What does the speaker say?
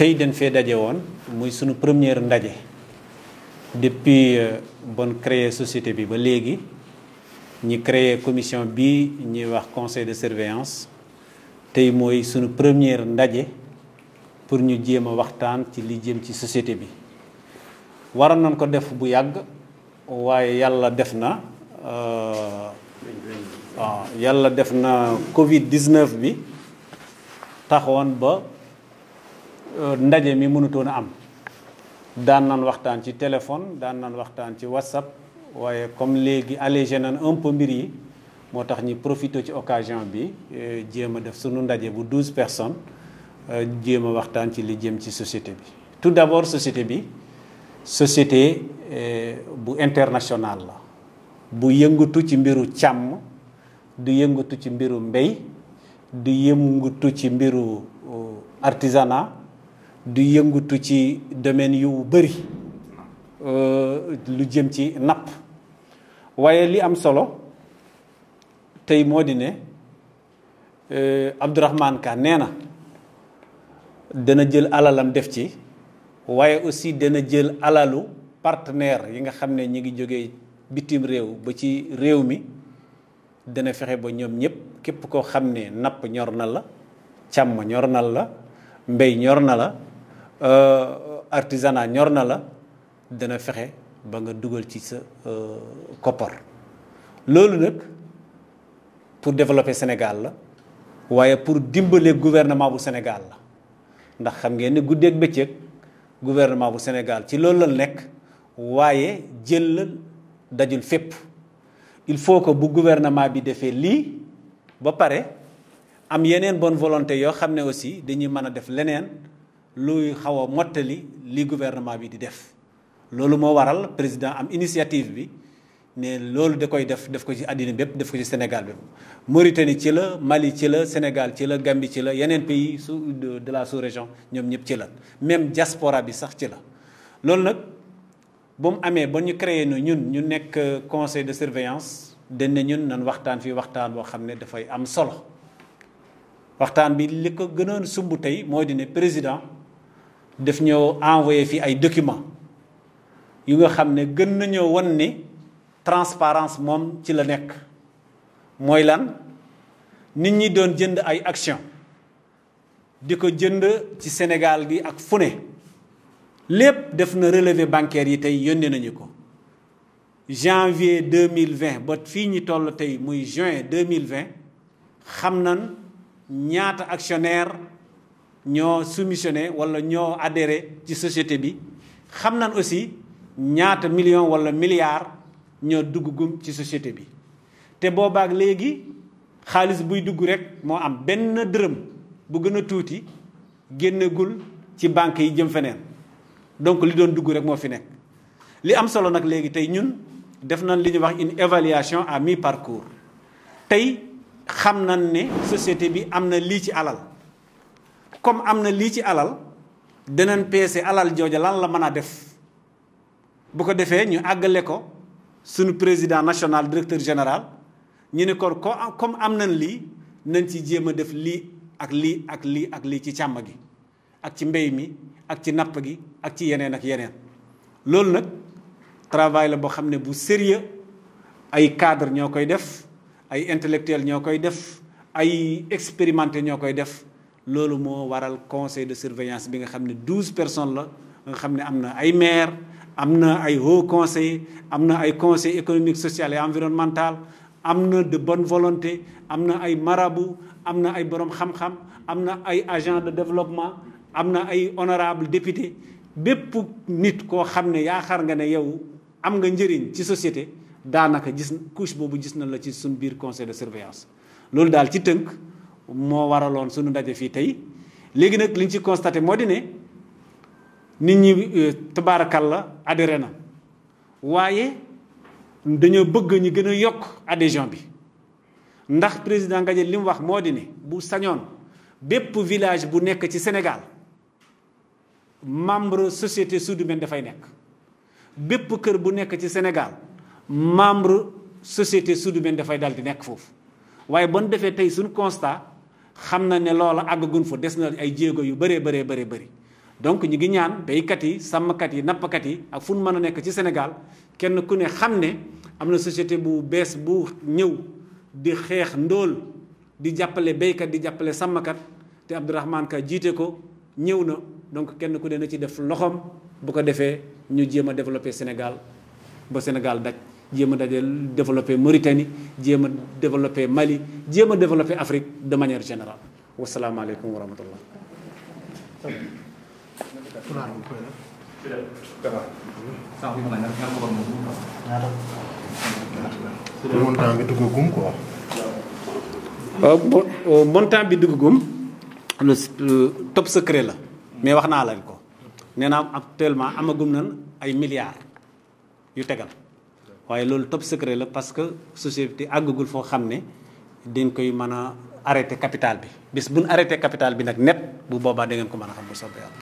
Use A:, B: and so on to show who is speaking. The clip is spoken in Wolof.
A: tey dañ fee daje woon muy sunu première ndaje depuis euh, bon créer société bi ba léegi ñi créer commission bi ñuy wax conseil de surveillance tey mooy sunu première ndaje pour ñu jéem a waxtaan ci li jëm ci société bi waroon nañ ko def bu yàgg waaye yàlla def na euh, waaw yàlla def na Covid 19 bi taxoon ba. Euh, ndaje mi mënatoo a am daan nan waxtaan ci téléphone daan nan waxtaan ci whatsapp waaye comme léegi allégé nan un mbir yi moo tax ñi profité ci occasion bi euh, jéem a def sunu ndaje bu douze personnes euh, jéem a waxtaan ci li jëm ci société bi tout d'abord société bi société bu internationale la bu yëngatu ci mbiru càmm du yëngatu ci mbiru mbéy du yëngatu ci mbiru artizana du yëngutu ci domaine yu bëri euh, lu jëm ci napp waaye li am solo tey moo di ne euh, Abdourahmane Ka nee na dana jël alalam def ci waaye aussi dana jël alalu partenaire yi nga xam ne ñu ngi jógee bitim réew ba ci réew mi dana fexe ba ñoom ñëpp képp koo xam ne napp ñor na la càmm ñor na la mbéy ñor na la Euh, artisanat ñor na la dana fexe ba nga dugal ci sa euh, koppar loolu nag pour développer Sénégal la waaye pour dimbalee gouvernement bu Sénégal la ndax xam ngeen ni guddeeg bëccëg gouvernement bu Sénégal ci loolu la nekk waaye jël dajul fépp il faut que bu gouvernement bi defee lii ba pare am yeneen bonne volonté yoo xam ne aussi dañuy mën a def leneen luy xaw a mottali li gouvernement bi di def loolu moo waral président am initiative bi ne loolu da koy def def ko ci àddina bépp def ko ci Sénégal bépp Mauritanie ci la Mali ci la Sénégal ci la Gambie ci la yeneen pays su de la sous-région ñoom ñëpp ci la même diaspora bi sax ci la loolu nag bu mu amee ba ñu créé ni ñun ñu nekk conseil de surveillance dañ ne ñun nan waxtaan fii waxtaan boo xam ne dafay am solo waxtaan bi li ko gënoon sumb tey moo di ne président def ñoo envoyé fii ay document yu nga xam ne gën nañoo wan ni transparence moom ci la nekk mooy lan nit ñi doon jënd ay action di ko jënd ci Sénégal gi ak fu lépp def na relevé bancaire yi tey yónnee nañu ko janvier deux mille vingt ba fii ñi toll tey muy juin deux mille vingt xam na ñaata actionnaire ñoo soumissionné wala ñoo adhéré ci société bi xam nañ aussi ñaata million wala milliard ñoo dugg duggagum ci société bi te boobaak léegi xaalis buy dugg rek moo am benn dërëm bu gën a tuuti génnegul ci banque yi jëm feneen donc li doon dugg rek moo fi nekk li am solo nag léegi tey ñun def nañ li ñuy wax une évaluation à mi-parcours tey xam nañ ne société bi am na lii ci alal comme am na lii ci alal danañ peese alal jooja lan la mën a def bu ko defee ñu àggale ko suñu président national directeur général ñu ne kon ko comme am nañ lii nañ ci jéem a def lii ak lii ak lii ak lii ci càmm gi ak ci mbéy mi ak ci napp gi ak ci yeneen ak yeneen loolu nag travail la boo xam ne bu sérieux ay cadre ñoo koy def ay intellectuel ñoo koy def ay expérimenté ñoo koy def loolu moo waral conseil de surveillance bi nga xam ne douze personnes la nga xam ne am na ay maire am na ay haut conseil am na ay conseil économique social et environnemental am na de bonne volonté am na ay marabout am na ay borom xam-xam am na ay agent de développement am na ay honorable député bépp nit koo xam ne yaakaar nga ne yow am nga njëriñ ci société daanaka gis couche boobu gis na la ci suñ biir conseil de surveillance loolu daal ci tënk moo waraloon suñu ndaje fii tey léegi nag liñ ci constaté moo di ne nit ñi euh, la adhéré na waaye dañoo bëgg ñu gën a yokk adhésion bi ndax président Ngagne li mu wax moo di ne bu sañoon bépp village bu nekk ci Sénégal membre société Sud-Domaine dafay nekk bépp kër bu nekk ci Sénégal membre société Sud-Domaine dafay dal di nekk foofu waaye bon defee tey suñu constat xam na ne loola àggagun fa des na ay jéego yu bëree bëree bëree bëri donc ñu ngi ñaan béykat yi sàmmkat yi nappkat yi ak fun mën a nekk ci Sénégal kenn ku ne xam ne am na société bu bees bu ñëw di xeex ndool di jàppale béykat di jàppale sàmmkat te Abdourahmane Ka jiite ko ñëw na donc kenn ku ne na ci def loxoom bu ko defee ñu jéem a développé Sénégal ba Sénégal daj jéem a dajeel développé Mauritanie jéem a développé Mali jéem a développé Afrique de manière générale wasalaamaaleykum wa rahmatullah. montant bi duggagum quoi. waaw euh, euh, secret la. mais wax naa lañ ko nee naa actuellement amagum nan ay milliards yu tegal. waaye loolu top secret la parce que société àggagul foo xam ne dañ koy mën a arrêté capital bi bis buñ arrêté capital bi nag net bu boobaa da ngeen ko mën a xam bu soobee yàlla